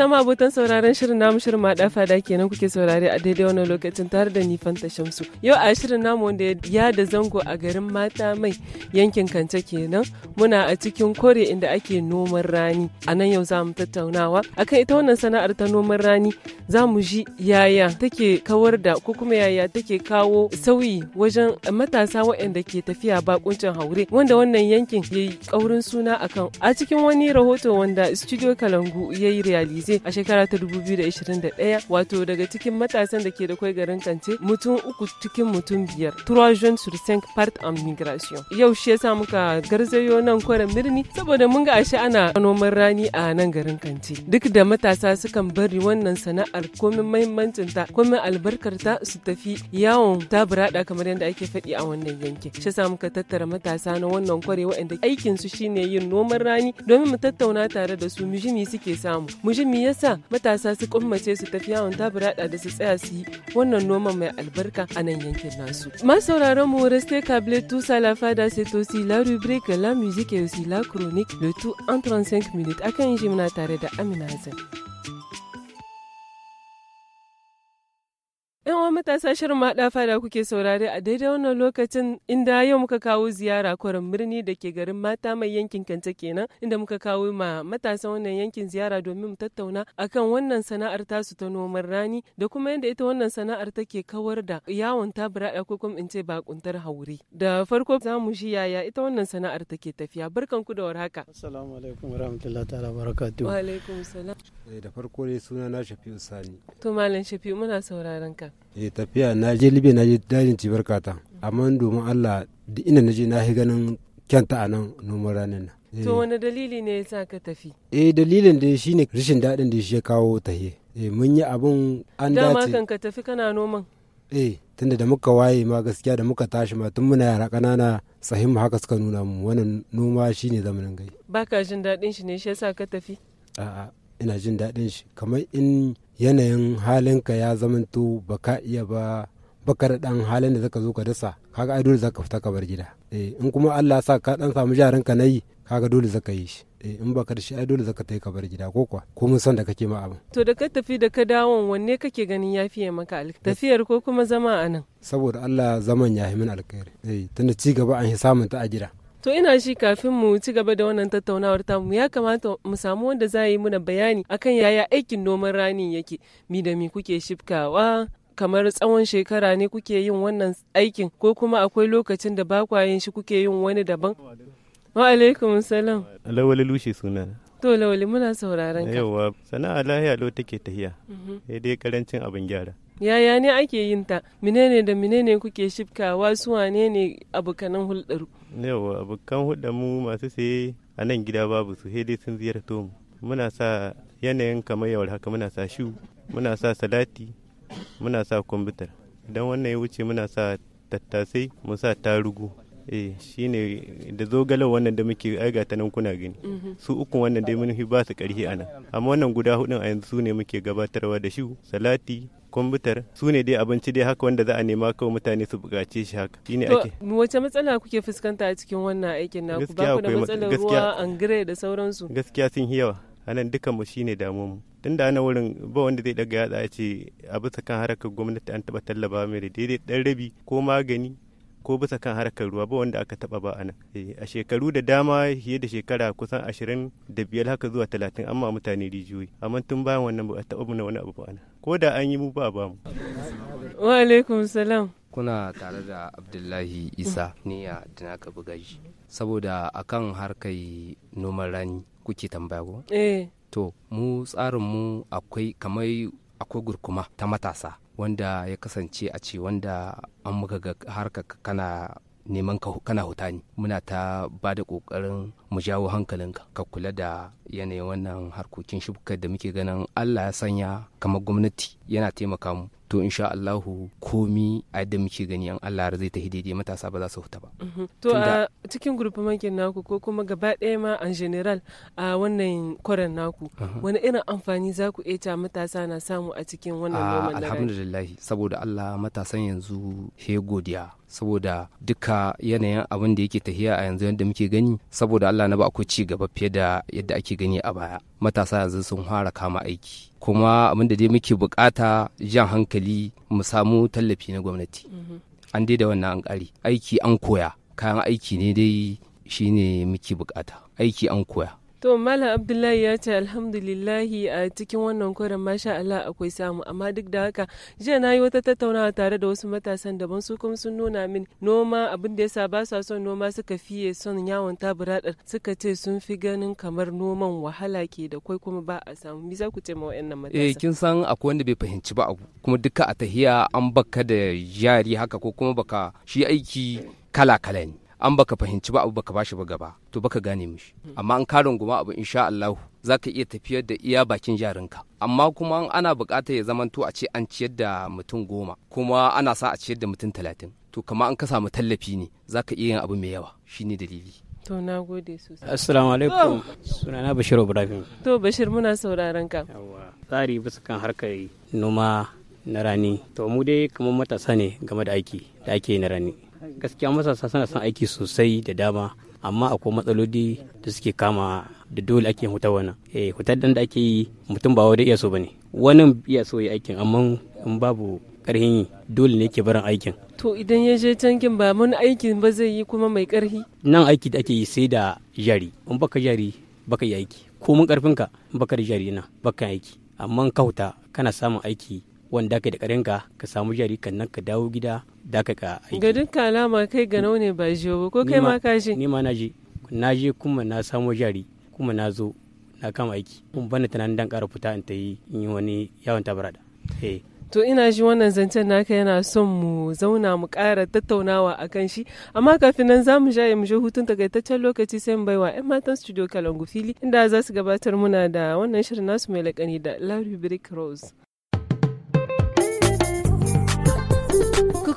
sama abotan sauraron shirin namu shirin maɗa fada kenan kuke saurare a daidai wannan lokacin tare da ni Fanta Shamsu. Yau a shirin namu wanda ya da zango a garin Mata Mai yankin Kance kenan muna a cikin kore inda ake noman rani. A nan yau za mu tattaunawa akan ita wannan sana'ar ta noman rani za mu ji yaya take kawar da ko kuma yaya take kawo sauyi wajen matasa waɗanda ke tafiya bakuncin haure wanda wannan yankin ya yi ƙaurin suna akan a cikin wani rahoto wanda studio Kalangu ya yi realize kance a shekara ta 2021 wato daga cikin matasan da ke da kwai garin kance mutum uku cikin mutum biyar trois jeunes sur cinq part en migration yau shi yasa muka garzayo nan kwara birni saboda mun ga ashe ana noman rani a nan garin kance duk da matasa sukan bari wannan sana'ar komin mahimmancin ta komin albarkar ta su tafi yawon taburada kamar yadda ake faɗi a wannan yankin shi yasa muka tattara matasa na wannan kware waɗanda aikin su shine yin noman rani domin mu tattauna tare da su mijimi suke samu mijimi ça, yasa matasa su kummace su tafi yawon tabura da su tsaya su yi wannan noman mai albarka a nan yankin nasu. Ma sauraron mu reste câblé tous à la fada c'est aussi la rubrique la musique et aussi la chronique le tout en 35 minutes akan jimna tare da Amina Hassan. Yan matasa shirin maɗa fada kuke saurare a daidai wannan lokacin inda yau muka kawo ziyara kwarin birni da ke garin mata mai yankin kanta kenan inda muka kawo ma matasa wannan yankin ziyara domin mu tattauna akan wannan sana'ar tasu ta noman rani da kuma yadda ita wannan sana'ar take kawar da yawon tabura ko kuma in ce bakuntar haure. Da farko za mu shi yaya ita wannan sana'ar take tafiya barkan ku da warhaka. Assalamu alaikum warahmatullahi ta'ala barakatuhu. Wa alaikum salam. Eh, da farko ne suna na Shafi'u Sani. To malam Shafi'u muna sauraron ka. e tafiya na je libya na je dajin cibar kata amma domin allah duk ina na je na yi ganin kyanta a nan noman ranar nan eh. to wani dalili ne ya sa ka tafi eh dalilin da ne rashin daɗin da shi ya kawo yi eh mun yi abun an dace dama kan ka tafi kana noman eh tunda da muka waye ma gaskiya da muka tashi ma tun muna yara ƙanana sahimu haka suka nuna mu wannan noma shine zamanin gai baka jin daɗin shi ne shi ya sa ka tafi a'a ina jin daɗin shi kamar in yanayin halinka ya zamanto baka iya ba baka da ɗan halin da zaka zo ka dasa kaga ai dole zaka fita ka bar gida eh, in kuma Allah sa ka dan samu jarin ka nayi kaga dole zaka yi shi eh, in baka da shi ai dole zaka tai ka bar gida ko kuwa ko mun san da kake ma abu to da ka tafi da ka dawo wanne kake ganin ya fiye maka tafiyar ko kuma zama a nan saboda Allah zaman ya min alkhairi eh tunda ci gaba an samun ta a gida To ina shi kafin mu ci gaba da wannan tattaunawar ta mu ya kamata mu samu wanda za yi muna bayani akan yaya aikin noman rani yake mi da mi kuke shifkawa kamar tsawon shekara ne kuke yin wannan aikin ko kuma akwai lokacin da bakwa yin shi kuke yin wani daban. Wa alaikum salam. Lawali lushe suna. To lawali muna sauraron ka. Yawwa sana'a lahiya lo take tahiya. Mhm. Sai dai karancin abin gyara. Yaya ne ake yin ta? Menene da menene kuke shifkawa su wane ne abokanan hulɗar? Yawa abokan hulɗar mu masu saye a nan gida babu su dai sun ziyarto mu. Muna sa yanayin kamar yawar haka muna sa shu, muna sa salati, muna sa kwamfutar. Idan wannan ya wuce muna sa tattasai, mu sa tarugu. eh shine da zogale wannan da muke aiga ta nan kuna gani mhm. su uku wannan dai mun ba su karhi anan amma wannan guda hudun a yanzu ne muke gabatarwa da shi salati kwamfutar su ne dai abinci dai haka wanda za a nema kawai mutane su bukaci shi haka shi ne ake wace matsala kuke fuskanta a cikin wannan aikin naku ba ku da matsalar ruwa angire da sauransu gaskiya sun yi yawa anan dukan mu shine damu mu tun da ana wurin ba wanda zai daga yatsa a ce a bisa kan harakar gwamnati an taba tallaba mai da daidai ɗan rabi ko magani ko bisa kan harkar ruwa ba wanda aka taba ba nan. Eh, a shekaru da dama fiye da shekara kusan ashirin da biyar haka zuwa talatin amma mutane rijiyoyi amma tun bayan wannan ba a taba mana wani abu ba nan ko da an yi mu ba ba mu wa alaikum salam kuna tare da abdullahi isa a da naka buga shi saboda akan harkar noman rani kuke tambaya ko eh. to mu tsarin mu akwai kamar akwai gurkuma ta matasa wanda ya kasance a ce wanda an muka ga harka kana neman kana hutani. muna ta ba da ƙoƙarin mu jawo hankalinka ka kula da yanayin wannan harkokin shubka da muke ganin allah ya sanya kamar gwamnati yana taimaka mu to insha Allahu komi a yadda muke gani an Allah zai tafi daidai matasa ba za su huta ba. Mhm. To a cikin gurbin mankin naku ko kuma gaba ɗaya ma an general a wannan koren naku mhm. wani irin amfani za ku ta matasa na samu a cikin wannan noman ah, Alhamdulillah saboda Allah matasan yanzu he godiya saboda duka yanayin abin da yake tahiya a yanzu yadda muke gani saboda Allah na ba ku ci gaba fiye da yadda ake gani a baya matasa yanzu sun fara kama aiki kuma abin da dai muke bukata jan hankali mu samu tallafi na gwamnati mm-hmm. an dai da wannan an kare aiki an koya kayan aiki ne dai shine muke bukata aiki an koya To Malam Abdullahi ya ce alhamdulillahi a cikin wannan koren masha Allah akwai samu amma duk da haka jiya na yi wata tattaunawa tare da wasu matasan daban su kuma sun nuna min noma abin da yasa ba sa son noma suka fiye son yawon taburadar suka ce sun fi ganin kamar noman wahala ke da kai kuma ba a samu me za ku ce ma wayannan matasa Eh kin san akwai wanda bai fahimci ba kuma duka a tahiya an baka da yari haka ko kuma baka shi aiki kala kala ne an baka fahimci ba abu baka bashi ba gaba to baka gane mishi hmm. amma an karin guma abu insha Allah za ka iya tafiyar da iya bakin jarinka amma kuma ana bukata ya to a ce an ciyar da mutum goma kuma ana sa a ciyar da mutum talatin to kama an ka samu tallafi ne za ka iya yin abu mai yawa shine dalili To na gode sosai. Assalamu alaikum. Sunana Bashir Ibrahim. To Bashir muna sauraron ka. Yawwa. Tsari bisa kan harkar noma na rani. To mu dai kamar matasa ne game da aiki da ake na rani. gaskiya matasa suna son aiki sosai da dama amma akwai matsaloli da suke kama da dole ake huta wannan eh hutar da ake yi mutum ba wanda iya so bane wani iya so ya aikin amma in babu karhin yi dole ne ke barin aikin to idan ya je tankin ba mun aikin ba zai yi kuma mai karhi nan aiki da ake yi sai da jari in baka jari baka yi aiki ko mun karfinka baka da jari na baka aiki amma ka huta kana samun aiki wanda ka da karenka ka samu jari nan ka dawo gida da ka ka aiki ga dukkan alama kai ga ne ba jiyo ba ko kai ma ka ji ni ma na je na je kuma na samu jari kuma na zo na kama aiki kun bani tunanin dan kara fita in ta yi in yi wani yawon tabarada eh. to ina ji wannan zancen naka yana son mu zauna mu kara tattaunawa a kan shi amma kafin nan za mu ja mu je hutun takaitaccen lokaci sai mu baiwa 'yan matan studio kalangu fili inda za su gabatar muna da wannan shirin nasu mai lakani da larry brick rose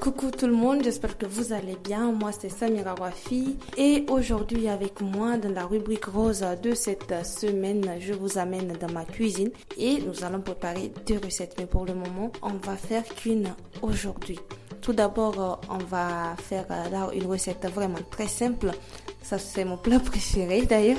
Coucou tout le monde, j'espère que vous allez bien. Moi c'est Samira Wafi et aujourd'hui avec moi dans la rubrique rose de cette semaine, je vous amène dans ma cuisine et nous allons préparer deux recettes. Mais pour le moment, on va faire qu'une aujourd'hui. Tout d'abord, euh, on va faire euh, une recette vraiment très simple. Ça c'est mon plat préféré d'ailleurs.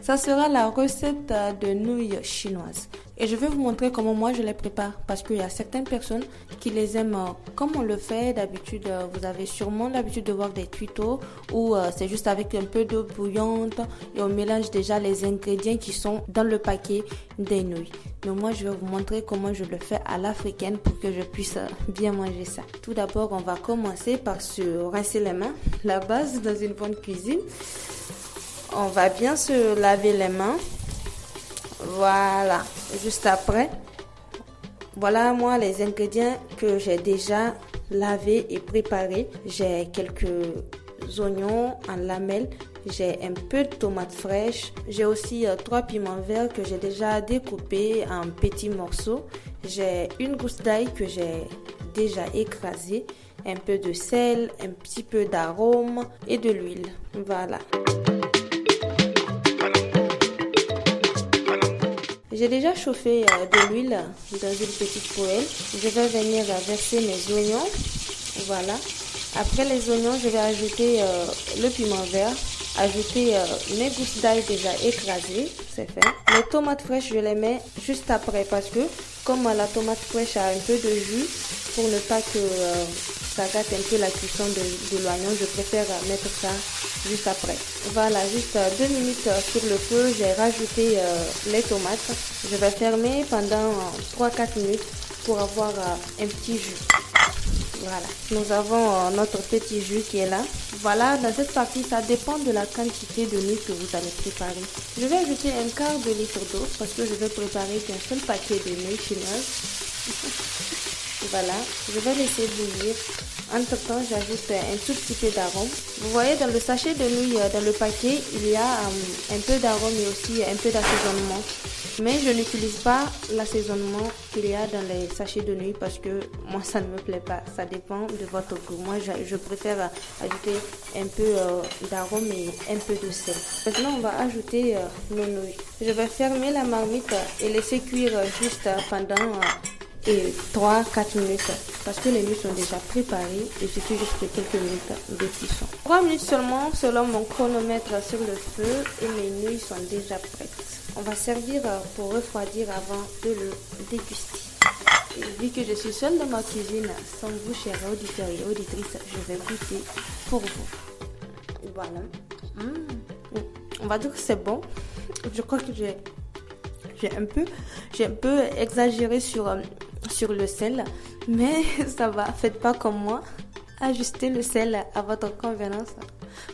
Ça sera la recette euh, de nouilles chinoises. Et je vais vous montrer comment moi je les prépare parce qu'il y a certaines personnes qui les aiment euh, comme on le fait d'habitude. Euh, vous avez sûrement l'habitude de voir des tutos où euh, c'est juste avec un peu d'eau bouillante et on mélange déjà les ingrédients qui sont dans le paquet des nouilles. Mais moi je vais vous montrer comment je le fais à l'africaine pour que je puisse bien manger ça. Tout d'abord on va commencer par se rincer les mains. La base dans une bonne cuisine. On va bien se laver les mains voilà, juste après. Voilà moi les ingrédients que j'ai déjà lavés et préparés. J'ai quelques oignons en lamelles, j'ai un peu de tomates fraîches, j'ai aussi euh, trois piments verts que j'ai déjà découpés en petits morceaux, j'ai une gousse d'ail que j'ai déjà écrasée, un peu de sel, un petit peu d'arôme et de l'huile. Voilà. J'ai déjà chauffé euh, de l'huile dans une petite poêle. Je vais venir verser mes oignons. Voilà. Après les oignons, je vais ajouter euh, le piment vert, ajouter euh, mes gousses d'ail déjà écrasées, c'est fait. Les tomates fraîches, je les mets juste après parce que comme la tomate fraîche a un peu de jus, pour ne pas que ça gâte un peu la cuisson de, l'oignon. Je préfère mettre ça juste après. Voilà, juste deux minutes sur le feu. J'ai rajouté euh, les tomates. Je vais fermer pendant 3-4 minutes pour avoir euh, un petit jus. Voilà, nous avons euh, notre petit jus qui est là. Voilà, dans cette partie, ça dépend de la quantité de nuit que vous allez préparer. Je vais ajouter un quart de litre d'eau parce que je vais préparer qu'un seul paquet de nuit chinoise. voilà, je vais laisser bouillir entre-temps, j'ajoute un tout petit peu d'arôme. Vous voyez, dans le sachet de nouilles, euh, dans le paquet, il y a euh, un peu d'arôme et aussi un peu d'assaisonnement. Mais je n'utilise pas l'assaisonnement qu'il y a dans les sachets de nouilles parce que moi, ça ne me plaît pas. Ça dépend de votre goût. Moi, je, préfère euh, ajouter un peu d'arôme et un peu de sel. Maintenant, on va ajouter nos nouilles. Je vais fermer la marmite et laisser cuire juste pendant et 3-4 minutes parce que les nuits sont déjà préparées et fait juste quelques minutes de cuisson. 3 minutes seulement selon mon chronomètre sur le feu et mes nuits sont déjà prêtes. On va servir pour refroidir avant de le déguster. vu que je suis seule dans ma cuisine, sans vous, chers auditeurs et auditrices, je vais goûter pour vous. Voilà. Mmh. On va dire que c'est bon. Je crois que j'ai un peu, j'ai un peu exagéré sur euh, sur le sel, mais ça va, faites pas comme moi. Ajustez le sel à votre convenance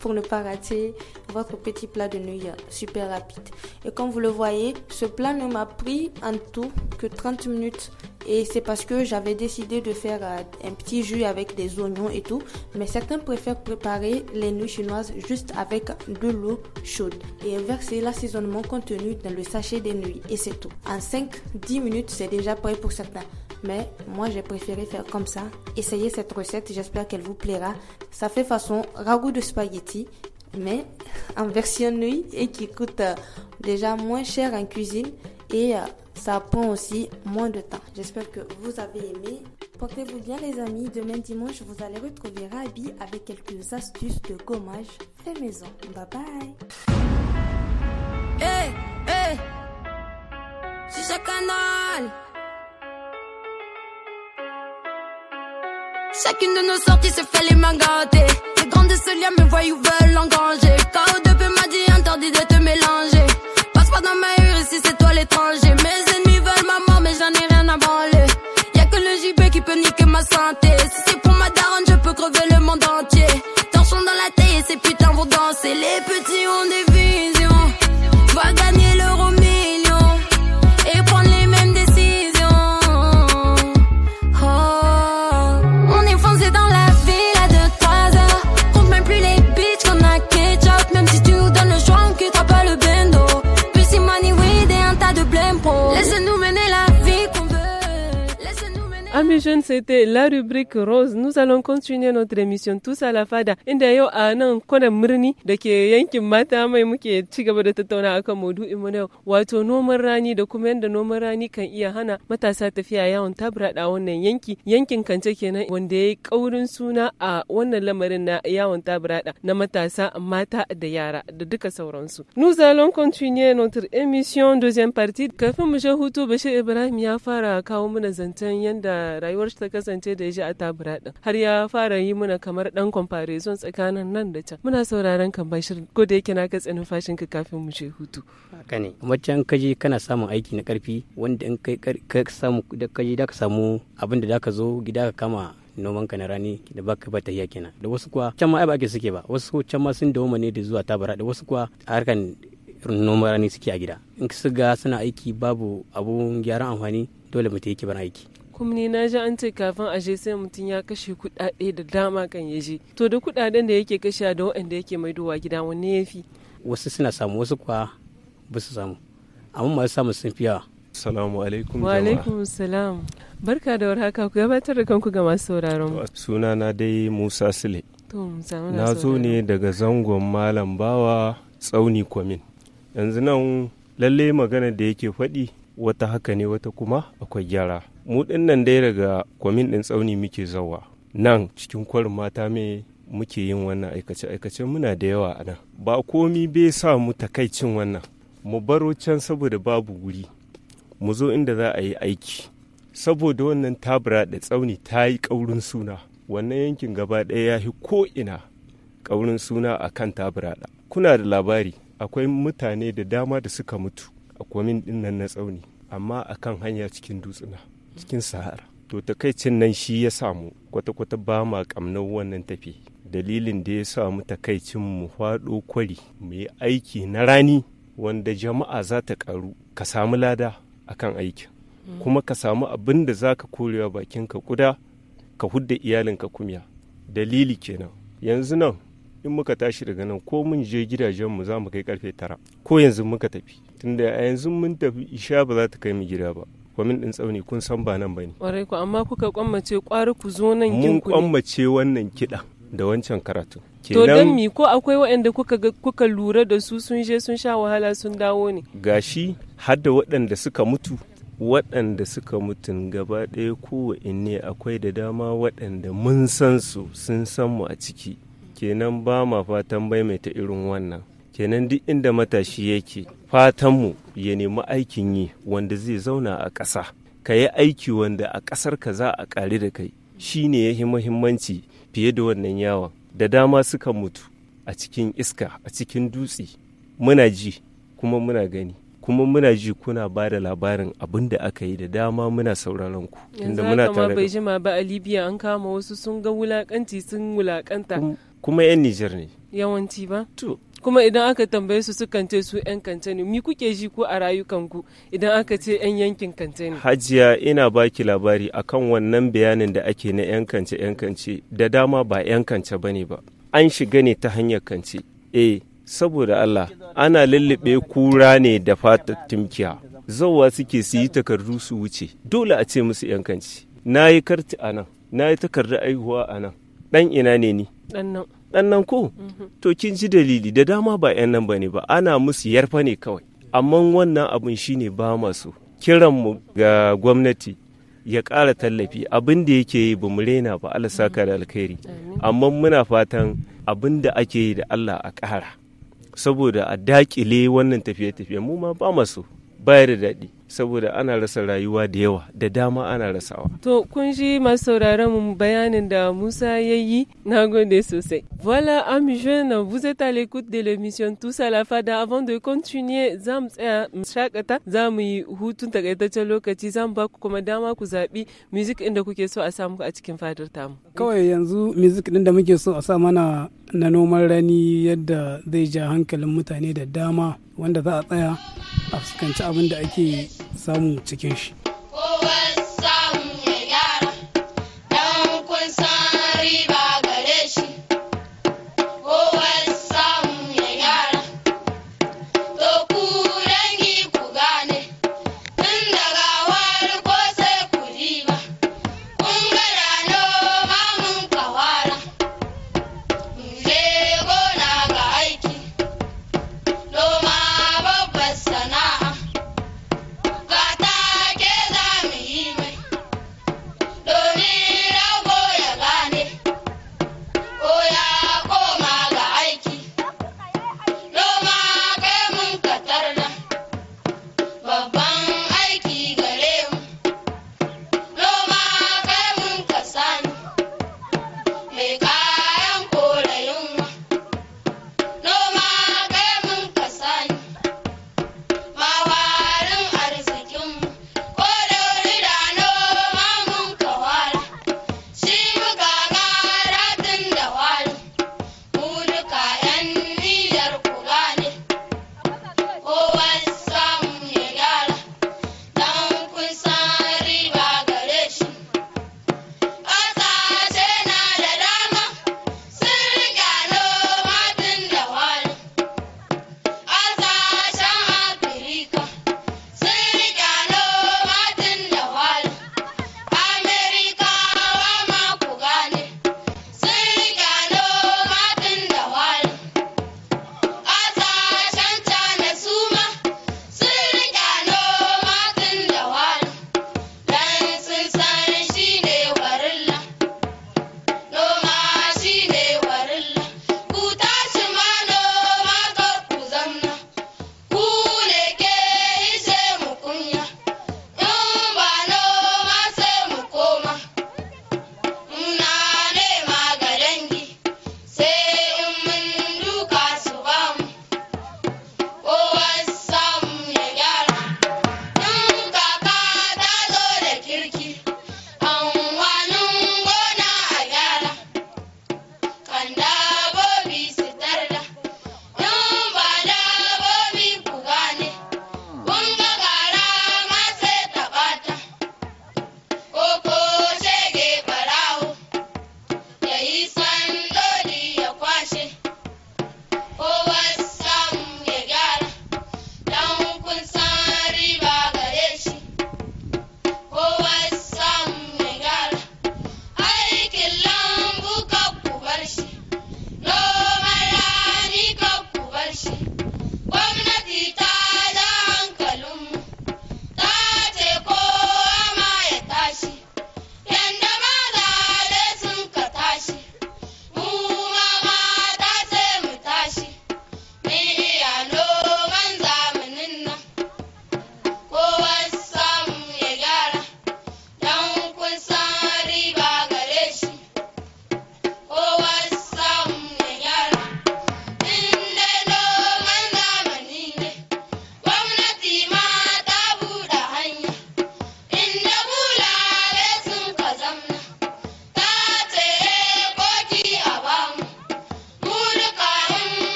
pour ne pas rater votre petit plat de nouilles super rapide. Et comme vous le voyez, ce plat ne m'a pris en tout que 30 minutes et c'est parce que j'avais décidé de faire euh, un petit jus avec des oignons et tout. Mais certains préfèrent préparer les nouilles chinoises juste avec de l'eau chaude et verser l'assaisonnement contenu dans le sachet des nouilles. Et c'est tout. En 5-10 minutes, c'est déjà prêt pour certains. Mais moi, j'ai préféré faire comme ça. Essayez cette recette, j'espère qu'elle vous plaira. Ça fait façon ragoût de spaghetti mais en version nuit et qui coûte euh, déjà moins cher en cuisine et euh, ça prend aussi moins de temps. J'espère que vous avez aimé. Portez-vous bien les amis, demain dimanche vous allez retrouver Rabi avec quelques astuces de gommage fait maison. Bye bye Hey, eh, eh. hey Sur ce canal Chacune de nos sorties se fait les mains gâtées Les grandes se lien me voient ou veulent engager K.O. de m'a dit interdit de te mélanger l'étranger. Mes ennemis veulent ma mort, mais j'en ai rien à branler. Y'a que le JB qui peut niquer ma santé. Si c'est pour ma daronne, je peux crever le monde entier. Torchons dans la tête et ces putains vont danser. Les petits ont des Amis jeunes, c'était la rubrique rose. Nous allons continuer notre émission tous à la fada. Inda yau a nan kwanan murni da ke yankin mata mai muke ci gaba da tattauna akan maudu'in mu yau. Wato noman rani da kuma yadda noman rani kan iya hana matasa tafiya yawon tabraɗa wannan yanki. Yankin Kance kenan wanda ya yi suna a wannan lamarin na yawon tabraɗa na matasa mata da yara da duka sauransu. Nous allons continuer notre émission deuxième partie. Kafin mu je hutu Bashir Ibrahim ya fara kawo mana zancen yanda. rayuwar shi ta kasance da shi a tabura din har ya fara yi muna kamar dan comparison tsakanin nan da can muna sauraron kan bashir ko da yake na katse fashin ka kafin mu je hutu haka ne kuma can kaji kana samun aiki na karfi wanda in kai ka samu da kaji da ka samu abin da zaka zo gida ka kama noman ka na rani da baka ba iya kenan da wasu kuwa can ma ai ba suke ba wasu can ma sun dawo ne da zuwa tabura da wasu kuwa harkan noman rani suke a gida in su suga suna aiki babu abun gyaran amfani dole mu ta yi kibar aiki kumni na ji an ce kafin a je sai mutum ya kashe kuɗaɗe da dama kan ya je to da kuɗaɗen da yake kashe da waɗanda yake maidowa gida wanne ya fi wasu suna samu wasu kuwa ba su samu amma masu samu sun fi yawa Assalamu alaikum Wa alaikum salam. Barka da warhaka ku gabatar da kanku ga masu sauraron. Suna na dai Musa Sule. Na zo ne daga zangon Malam Bawa Tsauni Kwamin. Yanzu nan lalle magana da yake faɗi wata haka ne wata kuma akwai gyara. mu nan dai daga kwamin ɗin tsauni muke zawa nan cikin kwarin mata me muke yin wannan aikace-aikace muna da yawa a nan ba komi bai sa mu takaicin wannan mu baro can saboda babu wuri mu zo inda za a yi aiki saboda wannan tabura da tsauni ta yi ƙaurin suna wannan yankin gaba ɗaya ya fi ko'ina ƙaurin suna a kan tabura kuna da labari akwai mutane da dama da suka mutu a kwamin ɗin nan na tsauni amma akan hanya cikin dutsuna cikin sahara to takaicin nan shi ya samu kwata-kwata ba ma kamnan wannan tafi dalilin da ya samu takaicin mu faɗo kwari mu yi aiki na rani wanda jama'a za ta karu ka samu lada akan aikin mm. kuma ka samu abin da za ka korewa bakinka kuda ka hudda iyalin ka kumya dalili kenan yanzu nan in muka tashi daga nan ko mun je gidajen mu za mu kai karfe tara ko yanzu muka tafi tunda a yanzu mun tafi isha ba za ta kai mu gida ba kwamin din tsauni kun san ba nan bane ƙwarai ku amma kuka kwammace ƙwari ku zo nan mun kwammace wannan kiɗa da wancan karatu to don mi ko akwai waɗanda kuka lura da su sun je sun sha wahala sun dawo ne gashi har da waɗanda suka mutu waɗanda suka mutun gaba ɗaya kowanne akwai da dama waɗanda mun san su sun san mu a ciki kenan ba ma fatan maimaita irin wannan kenan duk inda matashi yake fatanmu ya nemi aikin yi wanda zai zauna a ƙasa ka yi aiki wanda a ƙasar ka za a ƙari da kai shi ne ya yi muhimmanci fiye da wannan yawon da dama suka mutu a cikin iska a cikin dutse muna ji kuma muna gani kuma muna ji kuna ba da labarin abin da aka yi da dama muna sauraron ku inda muna tare bai ba a libya an kama wasu sun ga wulakanci sun wulakanta kuma yan nijar ne yawanci ba to kuma idan aka tambaye su sukan ce su 'yan kance ne mi kuke ji ko a rayukanku idan aka ce 'yan yankin kance ne hajiya ina baki labari akan wannan bayanin da ake na 'yan kance 'yan kance da dama ba 'yan kance bane ba an shiga ne ta hanyar kance eh saboda Allah ana lullube kura ne da fatar timkiya zauwa suke su yi takardu su wuce dole a ce musu 'yan kance na yi karti a nan na yi takardar aihuwa a nan ɗan ina ne ni ɗan nan ko to kin ji dalili da dama ba 'yan nan ba ne ba ana musu yarfa ne kawai amma wannan abin shine ba masu mu ga gwamnati ya ƙara tallafi abin da yake yi ba mu rena ba Allah da alkhairi amma muna fatan abin da ake yi da Allah a ƙara saboda a dakile wannan tafiye-tafiye mu ma ba masu bayar da daɗi saboda ana rasa rayuwa da yawa da dama ana rasawa. To kun ji masu sauraron mu bayanin da Musa ya yi na gode sosai. Voilà amis jeunes, vous êtes à l'écoute de l'émission Tous à la Fada. Avant de continuer za mu tsaya mu shakata za mu yi hutun takaitaccen lokaci za mu ba ku kuma dama ku zaɓi music inda kuke so a samu a cikin fadar tamu. Kawai yanzu music din da muke so a sa mana na noman rani yadda zai ja hankalin mutane da dama wanda za a tsaya a fuskanci abin da ake samu cikin shi.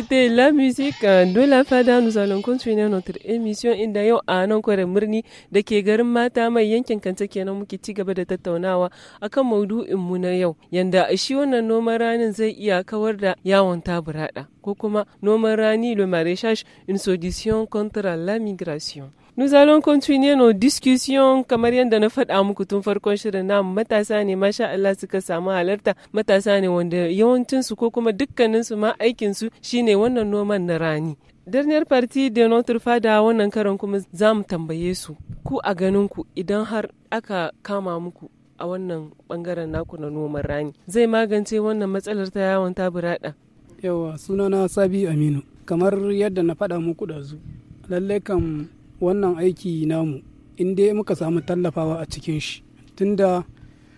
C'était la musique euh, de la fada. Nous allons continuer notre émission inda yau a nan kwarar murni da ke garin mata mai yankin kanta kenan muke ci gaba da tattaunawa akan maudu'in mu na yau. Yanda shi wannan noman ranin zai iya kawar da yawon taburada ko kuma noman rani le maraîchage une solution contre la migration. Nous allons continuer nos discussions kamar yadda na faɗa muku tun farkon shirin na matasa ne masha Allah suka samu halarta matasa ne wanda yawancinsu ko kuma dukkaninsu ma aikinsu shine wannan noman na rani. Dernière parti de notre fada wannan karon kuma za mu tambaye su ku a ganin ku idan har aka kama muku a wannan bangaren naku na noman rani zai magance wannan matsalar ta yawon taburada. Yawa sunana Sabi Aminu kamar yadda na faɗa muku da zu lallai kam wannan aiki namu in dai muka samu tallafawa a cikin shi tunda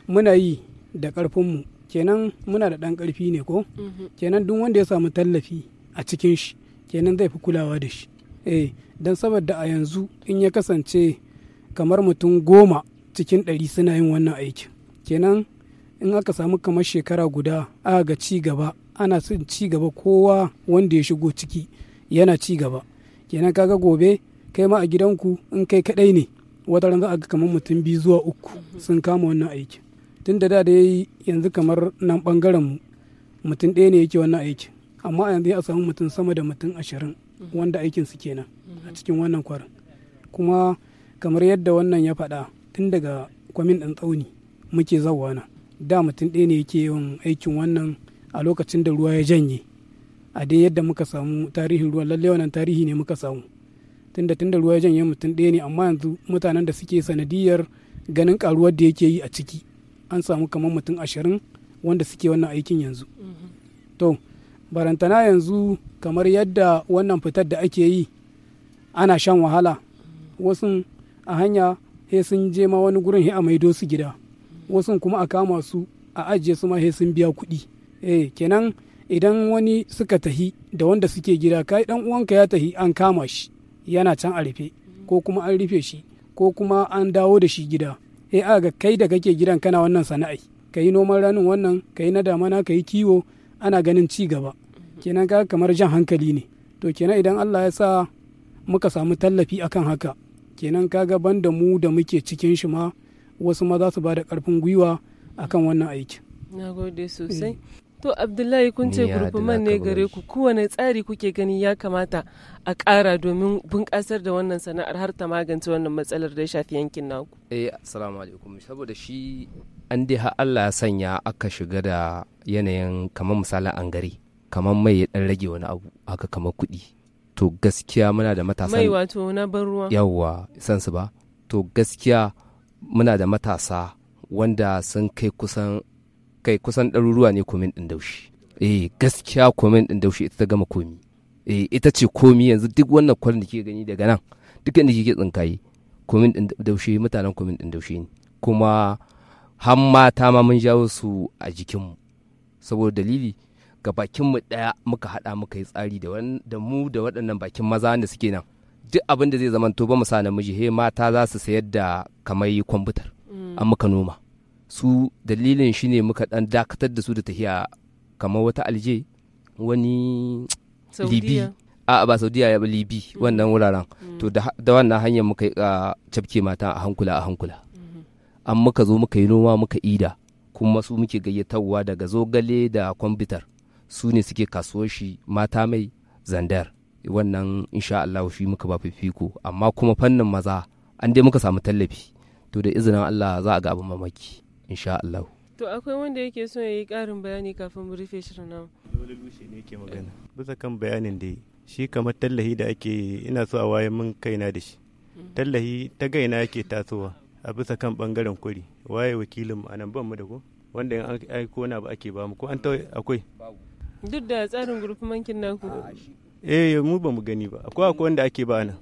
muna yi da ƙarfinmu kenan muna da ɗan ƙarfi ne ko mm-hmm. kenan duk wanda ya samu tallafi a cikin shi kenan zai fi kulawa da shi eh don saboda a yanzu in ya kasance kamar mutum goma cikin ɗari suna yin wannan aikin kenan in aka samu kamar shekara guda a ga ci gaba ana son ci gaba kowa wanda ya shigo ciki yana ci gaba kenan kaga gobe kai ma a gidanku in kai kaɗai ne wata ran za a ga kamar mutum biyu zuwa uku sun kama wannan aikin tun da da yi yanzu kamar nan bangaren mu mutum ɗaya ne yake wannan aiki amma a yanzu ya samu mutum sama da mutum ashirin wanda aikin su kenan a cikin wannan kwarin kuma kamar yadda wannan ya faɗa tun daga kwamin ɗan tsauni muke na da mutum ɗaya ne yake yawan aikin wannan a lokacin da ruwa ya janye a dai yadda muka samu tarihin ruwa lallai wannan tarihi ne muka samu tunda tunda ruwa ya janye mutum ɗaya ne amma yanzu mutanen da suke sanadiyar ganin karuwar da yake yi a ciki an samu kamar mutum ashirin wanda suke wannan aikin yanzu mm-hmm. to barantana yanzu kamar yadda wannan fitar da ake yi ana shan wahala mm-hmm. wasu a hanya he sun je ma wani gurin he a maido su gida mm-hmm. wasu kuma a kama su a ajiye su ma he sun biya kuɗi eh kenan idan wani suka tahi da wanda suke gida kai dan uwanka ya tahi an kama shi yana can a rufe ko kuma an rufe shi ko kuma an dawo da shi gida eh, a aga kai da kake gidan kana wannan sana'a kayi noman ranin wannan ka na damana ka kiwo ana ganin ci gaba kenan ka kamar jan hankali ne to kenan idan allah ya sa muka samu tallafi akan haka kenan kaga ban da mu da muke cikin shi ma wasu maza su ba da karfin gwiwa akan wannan aikin na gode sosai eh. To Abdullahi kun ce gurfuman ne gare ku kowane tsari kuke gani ya kamata a ƙara domin bunƙasar da wannan sana'ar har ta magance wannan matsalar da ya shafi yankin naku. Eh assalamu alaikum saboda shi an dai har Allah ya sanya aka shiga da yanayin kamar misalin an gari kamar mai ya dan rage wani abu haka kamar kuɗi. To gaskiya muna da matasa. Mai wato na ban ruwa. Yawwa san su ba. To gaskiya muna da matasa wanda sun kai kusan kai kusan ɗaruruwa ne komen ɗin daushi eh gaskiya komen ɗin daushi ita ta gama komi eh ita ce komi yanzu duk wannan kwarin da ke gani daga nan duk inda kike tsinkaye komen ɗin daushi mutanen komen ɗin daushi ne kuma har mata ma mun jawo su a jikinmu saboda dalili ga bakinmu ɗaya muka haɗa muka yi tsari da mu da waɗannan bakin maza da suke nan duk abin da zai zamanto ba mu sa namiji he mata za su sayar da kamar kwamfutar mm. an muka noma su dalilin shi ne muka dan dakatar da su da tahiya kamar wata alje wani libi a ba saudiya ya libi hmm. wannan wuraren hmm. to da wannan hanyar muka yi cafke mata a hankula a hankula hmm. an muka zo muka yi noma muka ida kuma su muke gayyatarwa daga zogale da kwambitar su ne suke kasuwar shi mata mai zandar wannan insha Allah shi muka ba fifiko amma kuma fannin maza an dai muka samu tallafi to da izinin Allah za a ga abin mamaki insha Allah to akwai wanda yake son ya yi ƙarin bayani kafin mu rufe shirin nan dole lushe ne ke magana bisa kan bayanin da shi kamar tallahi da ake ina so a waye mun kaina da shi mm. tallahi ta gaina yake tasowa a bisa kan bangaren kuri waye wakilin a nan ban mu da ko wanda in aiko na ba ake ba mu ko an ta akwai duk da tsarin gurfumankin ku. eh mu ba mu gani ba akwai akwai wanda ake ba nan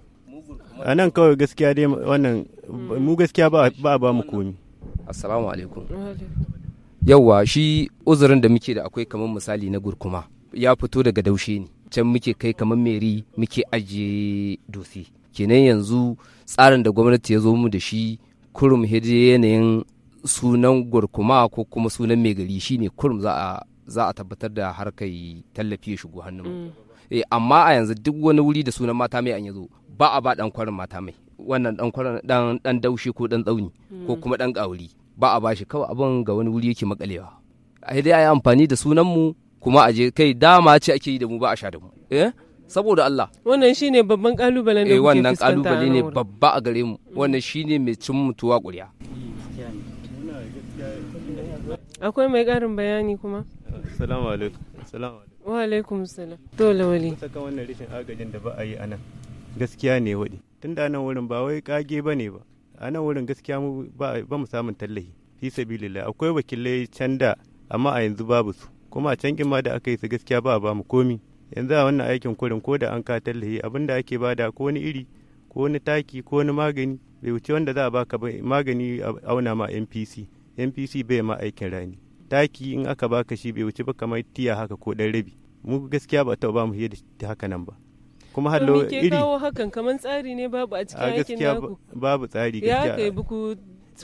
a nan kawai gaskiya dai wannan mm. mu gaskiya ba ba mu komi assalamu alaikum yauwa shi uzurin da muke da akwai kamar misali na gurkuma ya fito daga daushe ne can muke kai kamar meri muke ajiye dosi kenan yanzu tsarin da gwamnati ya zo mu da shi kurum hede yanayin sunan gurkuma ko kuma sunan mai gari shine kurum za a za tabbatar da harkar tallafi ya shigo hannun mm. eh, amma a yanzu duk wani wuri da sunan mata mai an yazo ba a ba ɗan kwarin mata mai wannan dan dan daushi ko dan tsauni ko hmm. kuma dan ƙauri ba a bashi kawai abin ga wani wuri yake makalewa a dai a yi amfani da sunan mu kuma a je kai dama ce ake yi da mu ba a sha da mu eh saboda Allah wannan shine babban kalubale ne eh, kuke wannan kalubale ne babba a gare mu hmm. wannan shine mai cin mutuwa ƙuriya akwai mai ƙarin bayani kuma assalamu alaikum assalamu alaikum wa alaikum salam to lawali saka wannan rishin agajin da ba a yi anan gaskiya ne wadi tun da nan wurin ba wai kage ba ne ba a nan wurin gaskiya mu ba mu samun tallahi fi sabilillah akwai wakilai can da amma a yanzu babu su kuma a can ma da aka yi su gaskiya ba ba mu komi yanzu a wannan aikin kurin ko da an ka tallahi abin da ake bada ko wani iri ko wani taki ko wani magani bai wuce wanda za a baka magani auna ma npc npc bai ma aikin rani taki in aka baka shi bai wuce ba kamar tiya haka ko dan rabi mu gaskiya ba ta ba mu da haka nan ba kuma hallo iri kawo hakan kamar tsari ne babu a cikin aikin naku babu tsari gaskiya ka yi buku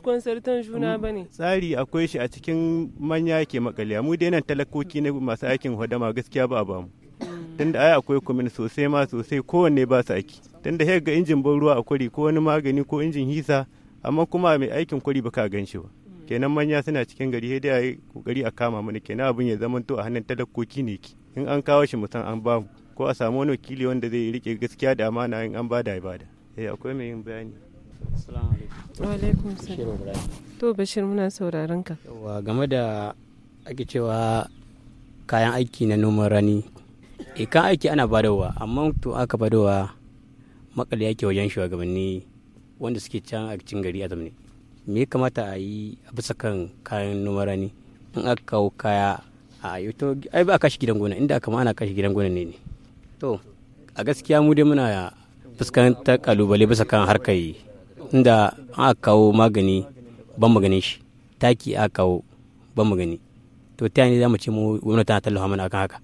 konsartan juna ba ne tsari akwai shi a cikin manya ke makaliya mu dai nan talakoki ne masu aikin hodama gaskiya ba ba mu hmm. tunda ai akwai kumin sosai ma sosai kowanne ba su aiki tunda ga injin ban ruwa a kwari ko wani magani ko injin hisa amma kuma mai aikin kwari baka gan shi ba hmm. kenan manya suna cikin gari sai dai kokari a kama mana kenan abin ya zamanto a hannun talakoki ne ki in an kawo shi musan an bamu ko a samu wani wakili wanda zai rike gaskiya da amana in an bada ibada eh akwai mai yin bayani assalamu alaikum to bashir muna sauraron ka yawa game da ake cewa kayan aiki na noman rani e eh, kan aiki ana badawa amma to aka badawa makali yake wajen shugabanni wanda suke can a cikin gari a zamani me ya kamata a yi a bisa kan kayan noman rani in aka kawo kaya a yi to ai ba a kashi gidan gona inda kama ana kashi gidan gona ne ne to a gaskiya mu dai muna fuskantar kalubale bisa kan harkar inda aka kawo magani ban maganin shi taki aka kawo ban magani to ta ne za ce mu gwamnati ta tallafa mana akan haka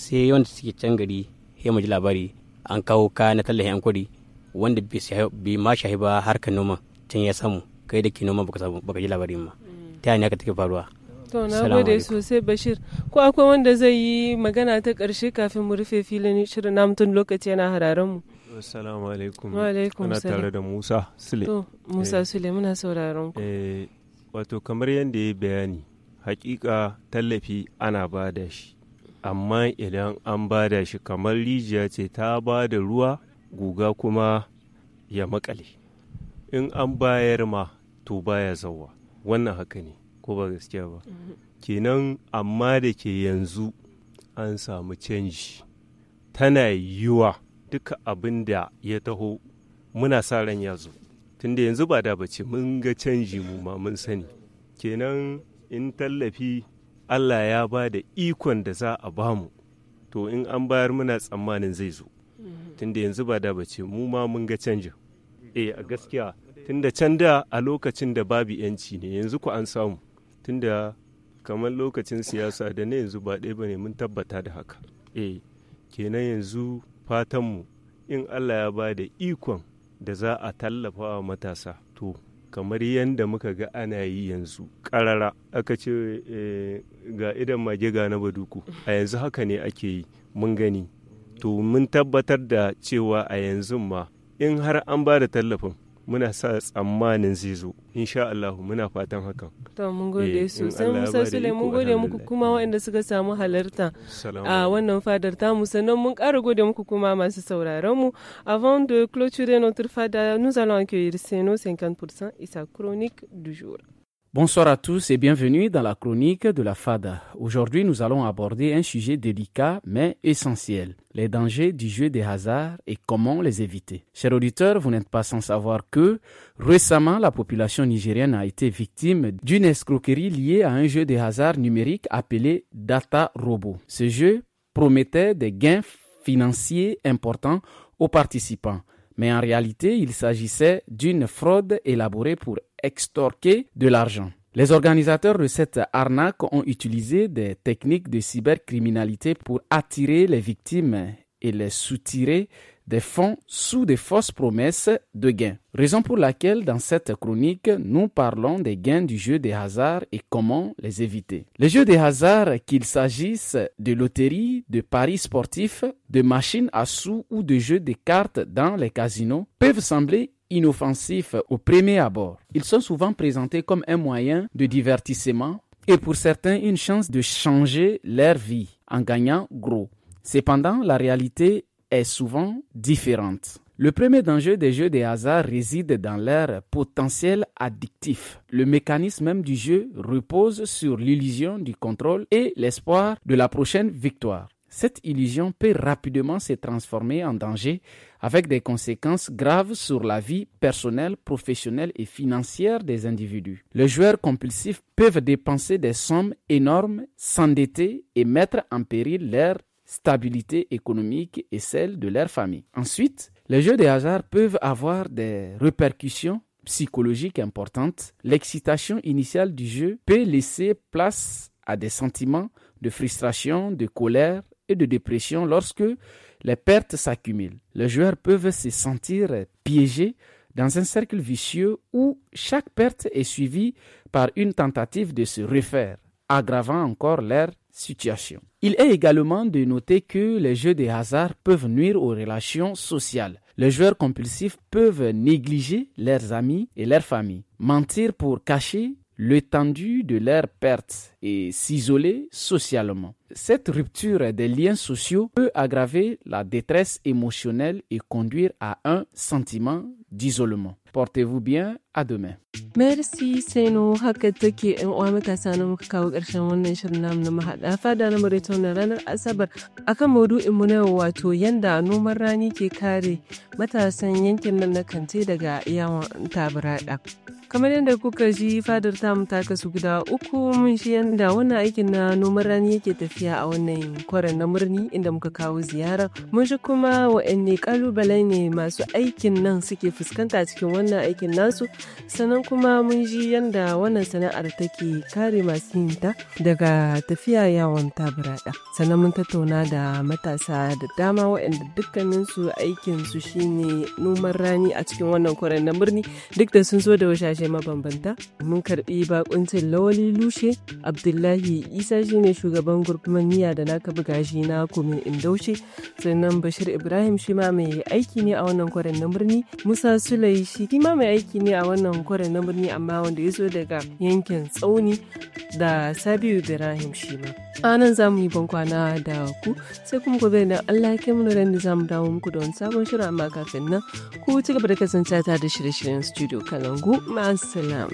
sai wanda suke can gari ya mu ji labari an kawo kaya na tallafin yan kuri wanda bai ma shahi ba harkar noma can ya samu kai da ke noma baka ji labarin ma ta ne haka take faruwa To na gode sosai Bashir. Ko akwai wanda zai yi magana ta ƙarshe kafin mu rufe filin shirin namtun lokaci yana hararen mu. Assalamu alaikum. Wa alaikum Ana tare da Musa Sule. To Musa eh. Sule muna sauraron ku. Eh, wato kamar yadda ya bayani hakika tallafi ana ba da shi amma idan an ba da shi kamar rijiya ce ta ba da ruwa guga kuma ya makale in an bayar ma to baya zauwa wannan haka ne ko ba gaskiya ba mhm. kenan amma da ke yanzu an samu canji tana yiwa duka abin da ya taho muna sa ran ya zo tunda yanzu ba da bace mun ga canji mu ma mun sani kenan in tallafi allah ya ba da ikon da za a ba mu to in an bayar muna tsammanin zai zo mhm. tunda yanzu ba da bace mu ma mun ga canjin eh a gaskiya tunda can da a lokacin da babu yanci ne yanzu ku an samu tunda kamar lokacin siyasa da na yanzu ba ɗaya ba ne mun tabbata da haka e kenan yanzu fatanmu in allah ya ba da ikon da za a tallafa wa matasa to kamar yadda muka ga ana yi yanzu ƙarara aka ce eh, ga idan mage ga na baduku a yanzu haka ne ake yi mun gani to mun tabbatar da cewa a yanzu ma in har an ba da tallafin muna sa tsammanin zai zo insha Allah muna fatan hakan to mun gode su eh, sosai Musa Sule mun gode muku kuma waɗanda suka samu halarta a wannan fadar ta mu sannan mun ƙara gode muku kuma masu sauraron mu avant de clôturer notre fada nous allons accueillir ces 50% et sa chronique du jour Bonsoir à tous et bienvenue dans la chronique de la FADA. Aujourd'hui, nous allons aborder un sujet délicat mais essentiel, les dangers du jeu des hasards et comment les éviter. Chers auditeurs, vous n'êtes pas sans savoir que récemment, la population nigérienne a été victime d'une escroquerie liée à un jeu des hasards numérique appelé Data Robot. Ce jeu promettait des gains financiers importants aux participants mais en réalité il s'agissait d'une fraude élaborée pour extorquer de l'argent. Les organisateurs de cette arnaque ont utilisé des techniques de cybercriminalité pour attirer les victimes et les soutirer des fonds sous des fausses promesses de gains. Raison pour laquelle dans cette chronique, nous parlons des gains du jeu des hasards et comment les éviter. Les jeux des hasards, qu'il s'agisse de loteries, de paris sportifs, de machines à sous ou de jeux de cartes dans les casinos, peuvent sembler inoffensifs au premier abord. Ils sont souvent présentés comme un moyen de divertissement et pour certains une chance de changer leur vie en gagnant gros. Cependant, la réalité est souvent différente. Le premier danger des jeux de hasard réside dans leur potentiel addictif. Le mécanisme même du jeu repose sur l'illusion du contrôle et l'espoir de la prochaine victoire. Cette illusion peut rapidement se transformer en danger avec des conséquences graves sur la vie personnelle, professionnelle et financière des individus. Les joueurs compulsifs peuvent dépenser des sommes énormes, s'endetter et mettre en péril leur stabilité économique et celle de leur famille. Ensuite, les jeux de hasard peuvent avoir des répercussions psychologiques importantes. L'excitation initiale du jeu peut laisser place à des sentiments de frustration, de colère et de dépression lorsque les pertes s'accumulent. Les joueurs peuvent se sentir piégés dans un cercle vicieux où chaque perte est suivie par une tentative de se refaire, aggravant encore leur il est également de noter que les jeux de hasard peuvent nuire aux relations sociales. Les joueurs compulsifs peuvent négliger leurs amis et leurs familles, mentir pour cacher l'étendue de leurs pertes et s'isoler socialement. Cette rupture des liens sociaux peut aggraver la détresse émotionnelle et conduire à un sentiment d'isolement. Portez-vous bien, à demain. Merci Sainu haka take yan uwa matasa na muka kawo ƙarshen wannan shirin namu na fada na maraito ranar Asabar kan maudu'in mu na wato yanda noman rani ke kare matasan yankin nan Kante daga yawon tabirada. kamar yadda kuka ji fadar tamu ta kasu guda uku mun shi yadda wannan aikin na noman rani yake tafiya a wannan kwarar na murni inda muka kawo ziyara mun shi kuma wa'anne kalubale ne masu aikin nan suke fuskanta cikin wannan aikin nasu sannan kuma mun ji yadda wannan sana'ar take kare masu yin ta daga tafiya yawon tabirada sannan mun tattauna da matasa da dama wa'anda dukkaninsu su shine noman rani a cikin wannan kwarar na murni duk da sun zo da washashe waje mabambanta mun karbi bakuncin lawali lushe abdullahi isa shine shugaban gurbin miya da naka buga shi na kumin indaushe sannan bashir ibrahim shi ma mai aiki ne a wannan kwarin na birni musa sulai shi ma mai aiki ne a wannan kwarin na birni amma wanda ya zo daga yankin tsauni da sabiu ibrahim shi ma a nan za mu yi bankwana da ku sai kuma gobe da Allah ke mu da za mu dawo muku da wani sabon shirin amma kafin nan ku ci gaba da kasance ta da shirye-shiryen studio kalangu ma'asalam.